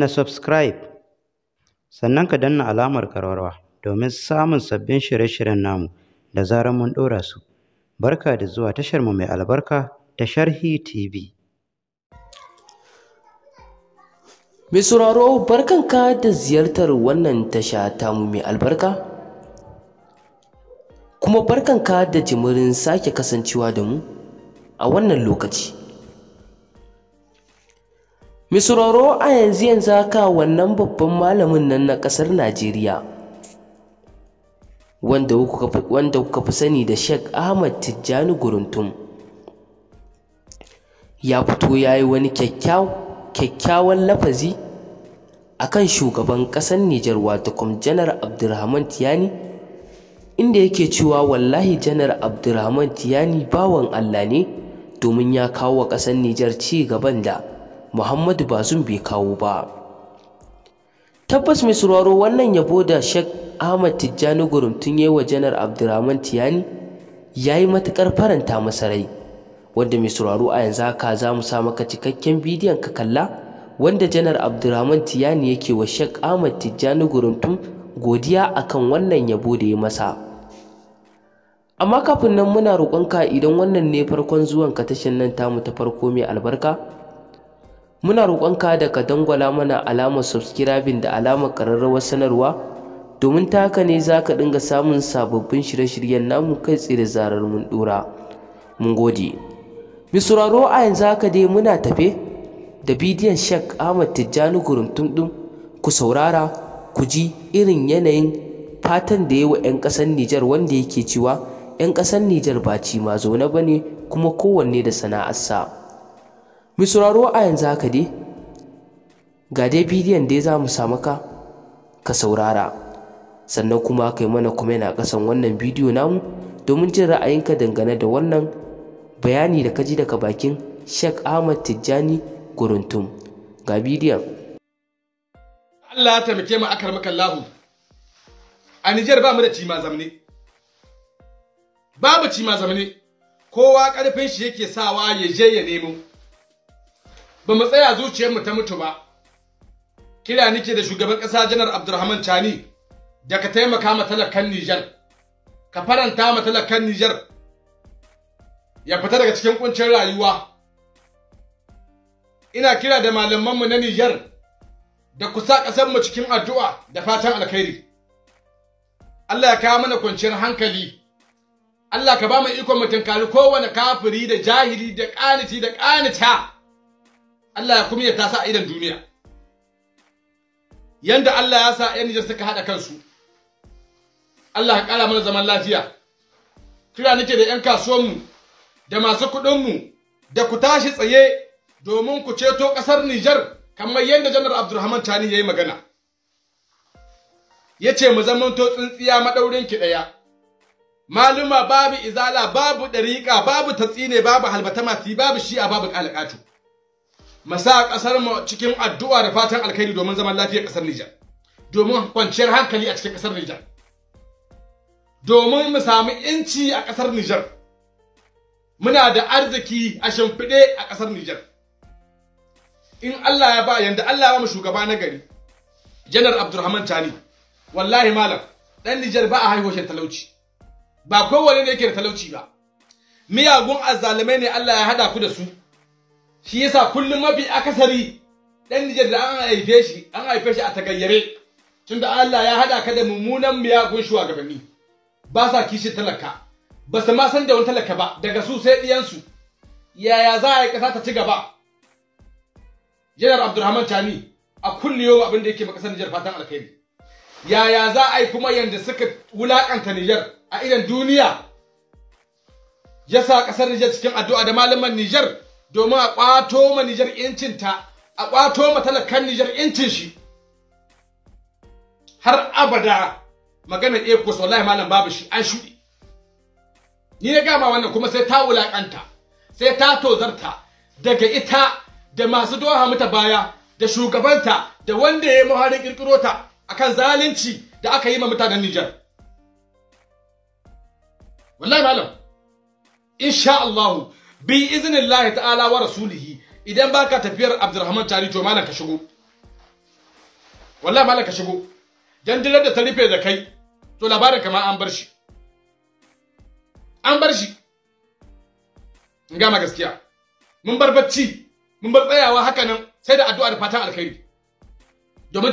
na subscribe sannan ka danna alamar karwarwa domin samun sabbin shirye-shiryen namu da zarar mun ɗora su barka da zuwa tashar mu mai albarka ta sharhi tv mai sauraro ka da ziyartar wannan tasha mu mai albarka kuma barkan ka da jimirin sake kasancewa da mu a wannan lokaci misroro a yanzu yanzu haka wannan babban malamin nan na ƙasar najeriya wanda kuka fi sani da sheikh ahmad tijjani guruntum ya fito yayi yi wani kyakkyawan lafazi akan shugaban ƙasar nijar wato janar abdulrahman tiyani inda yake cewa wallahi janar abdulrahman tiyani bawan allah ne domin ya kawo wa ƙasar nijar ci gaban da muhammadu bazum bai kawo ba tabbas mai sauraro wannan yabo da shek ahmad tijjani gurumtun ya wa janar abdurrahman tiyani ya yi matuƙar faranta masarai rai wanda mai sauraro a yanzu haka za mu sa maka cikakken bidiyon ka kalla wanda janar abdurrahman tiyani yake wa shek ahmad tijjani gurumtun godiya akan wannan yabo da ya masa amma kafin nan muna roƙonka idan wannan ne farkon zuwanka tashin nan tamu ta farko mai albarka muna roƙonka da ka dangwala mana alamar subscribing da alamar ƙararrawar sanarwa domin ta haka ne za ka dinga samun sababbin shirye-shiryen namu kai tsaye da zarar mun ɗora mun gode mi sauraro a yanzu haka dai muna tafe da bidiyon shek ahmad tijjani gurumtum ɗin ku saurara ku ji irin yanayin fatan da yawa 'yan ƙasar nijar wanda yake cewa 'yan ƙasar nijar ba ci ma zaune ba ne kuma kowanne da sana'arsa mai sauraro a yanzu haka dai ga dai bidiyon dai za mu samu ka ka saurara sannan kuma kai mana kuma a ƙasan wannan bidiyo namu domin jin ra'ayinka dangane da wannan bayani da ka ji daga bakin Sheikh Ahmad Tijjani Guruntum ga bidiyon Allah ya taimake mu akar lahu. a Nijar ba mu da cima zamne babu cima zamne kowa karfin shi yake sawa ya je ya nemo ba mu tsaya mu ta mutu ba kira nike da shugaban ƙasa janar abdurrahman chani da ka taimaka ma talakan nijar ka faranta ma talakan nijar ya fita daga cikin kuncin rayuwa ina kira da malamanmu na nijar da kusa ƙasarmu cikin addu'a da fatan alkhairi Allah ya kawo mana kwanciyar hankali Allah ka ba mu ikon mutunkari kowane kafiri da jahili da ƙaniti da ƙanita Allah ya kuma ta sa idan duniya yanda Allah ya sa yan Nijar suka haɗa kansu Allah ya ƙara mana zaman lafiya kira nake da yan mu da masu mu da ku tashi tsaye domin ku ceto ƙasar Nijar kamar yadda janar Abdulrahman Tani ya yi magana yace ce mu zamanto tsintsiya maɗaurin ki daya maluma babu izala babu ɗariƙa babu tatsine babu halbata mati babu shi'a babu kalakatu masa kasar mu cikin addu'a da fatan alkhairi domin zaman lafiyar kasar Nijar domin kwanciyar hankali a cikin kasar Nijar domin mu samu inci a kasar Nijar muna da arziki a shimfiɗe a kasar Nijar in Allah ya ba yanda Allah ya ba mu shugaba na gari Janar Abdurrahman Tani wallahi malam dan Nijar ba a haihuwar talauci ba kowane ne yake da talauci ba miyagun azzalumai ne Allah ya hada ku da su shi yasa kullum mafi akasari ɗan Nijar da an haife shi an haife shi a tagayyare tunda Allah ya hada ka da mummunan miyagun shugabanni ba sa kishi talaka ba su ma san da wani talaka ba daga su sai ɗiyansu yaya za a yi kasa ta ci gaba janar abdulrahman Chami a kulle yau abin da yake ma kasar nijar fatan alkhairi yaya za a yi kuma yanda suka wulakanta nijar a idan duniya ya sa ƙasar nijar cikin addu'a da malaman nijar domin a ƙwato ma Nijar ta, a kwato ma talakan Nijar ‘yancin shi. Har abada magana ko ECOWAS wallahi malam babu shi an shuɗi. Ni na gama wannan kuma sai ta wulaƙanta, sai ta tozarta daga ita da masu doha mata baya da shugabanta da wanda ya muhari muharin ƙirƙiro ta akan zalunci da aka yi ma mutanen Nijar. Wallahi malam, insha Allah. bi izinin lahi ta'ala wa rasulihi idan baka tafiyar abdurrahman tari to malam ka shigo wallahi malam ka shigo jandilar da ta rufe da kai to labarin kama an bar shi an bar shi in gama gaskiya mun bar bacci mun bar tsayawa haka nan sai da addu'a da fatan alkhairi domin